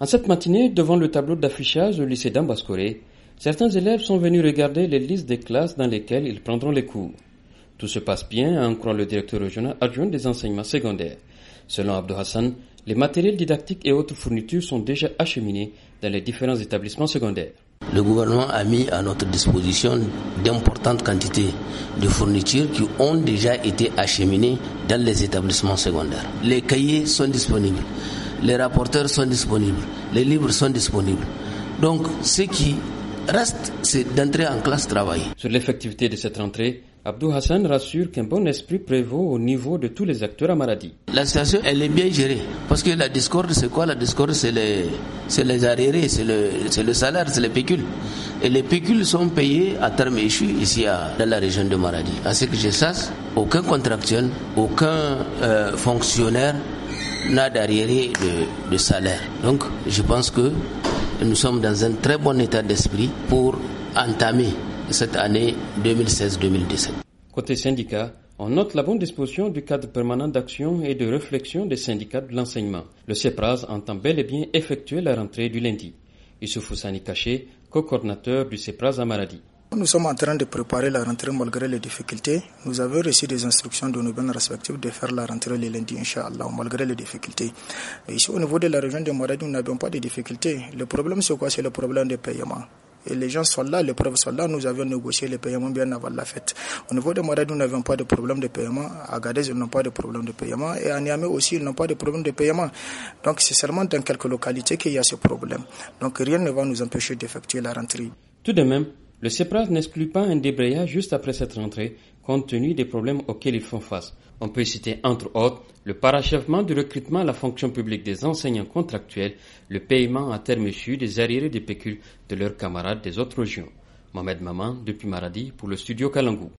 En cette matinée, devant le tableau d'affichage du lycée d'Ambascoré, certains élèves sont venus regarder les listes des classes dans lesquelles ils prendront les cours. Tout se passe bien, en croit le directeur régional adjoint des enseignements secondaires. Selon Abdou Hassan, les matériels didactiques et autres fournitures sont déjà acheminés dans les différents établissements secondaires. Le gouvernement a mis à notre disposition d'importantes quantités de fournitures qui ont déjà été acheminées dans les établissements secondaires. Les cahiers sont disponibles, les rapporteurs sont disponibles, les livres sont disponibles. Donc, ce qui reste, c'est d'entrer en classe travail. Sur l'effectivité de cette rentrée, Abdou Hassan rassure qu'un bon esprit prévaut au niveau de tous les acteurs à Maradi. La situation, elle est bien gérée. Parce que la discorde, c'est quoi La discorde, c'est les, arriérés, c'est le, salaire, c'est les pécules. Et les pécules sont payés à terme échu ici dans la région de Maradi. À ce que je sache, aucun contractuel, aucun euh, fonctionnaire n'a d'arriéré de, de salaire. Donc, je pense que nous sommes dans un très bon état d'esprit pour entamer cette année 2016-2017. Côté syndicat, on note la bonne disposition du cadre permanent d'action et de réflexion des syndicats de l'enseignement. Le CEPRAS entend bel et bien effectuer la rentrée du lundi. Issoufou Sani Caché, co-coordinateur du CEPRAS à Maradi. Nous sommes en train de préparer la rentrée malgré les difficultés. Nous avons reçu des instructions de nos bonnes respectives de faire la rentrée le lundi, Inch'Allah, malgré les difficultés. ici, au niveau de la région de Maradi, nous n'avons pas de difficultés. Le problème, c'est quoi C'est le problème de paiement et les gens sont là, les preuves sont là. Nous avions négocié les paiements bien avant la fête. Au niveau de Moradou, nous n'avions pas de problème de paiement. À Gadez, ils n'ont pas de problème de paiement. Et à Niamey aussi, ils n'ont pas de problème de paiement. Donc, c'est seulement dans quelques localités qu'il y a ce problème. Donc, rien ne va nous empêcher d'effectuer la rentrée. Tout de même, le CEPRAS n'exclut pas un débrayage juste après cette rentrée, compte tenu des problèmes auxquels ils font face. On peut citer entre autres le parachèvement du recrutement à la fonction publique des enseignants contractuels, le paiement à terme issu des arriérés des pécules de leurs camarades des autres régions. Mohamed Maman, depuis Maradi, pour le studio Kalangou.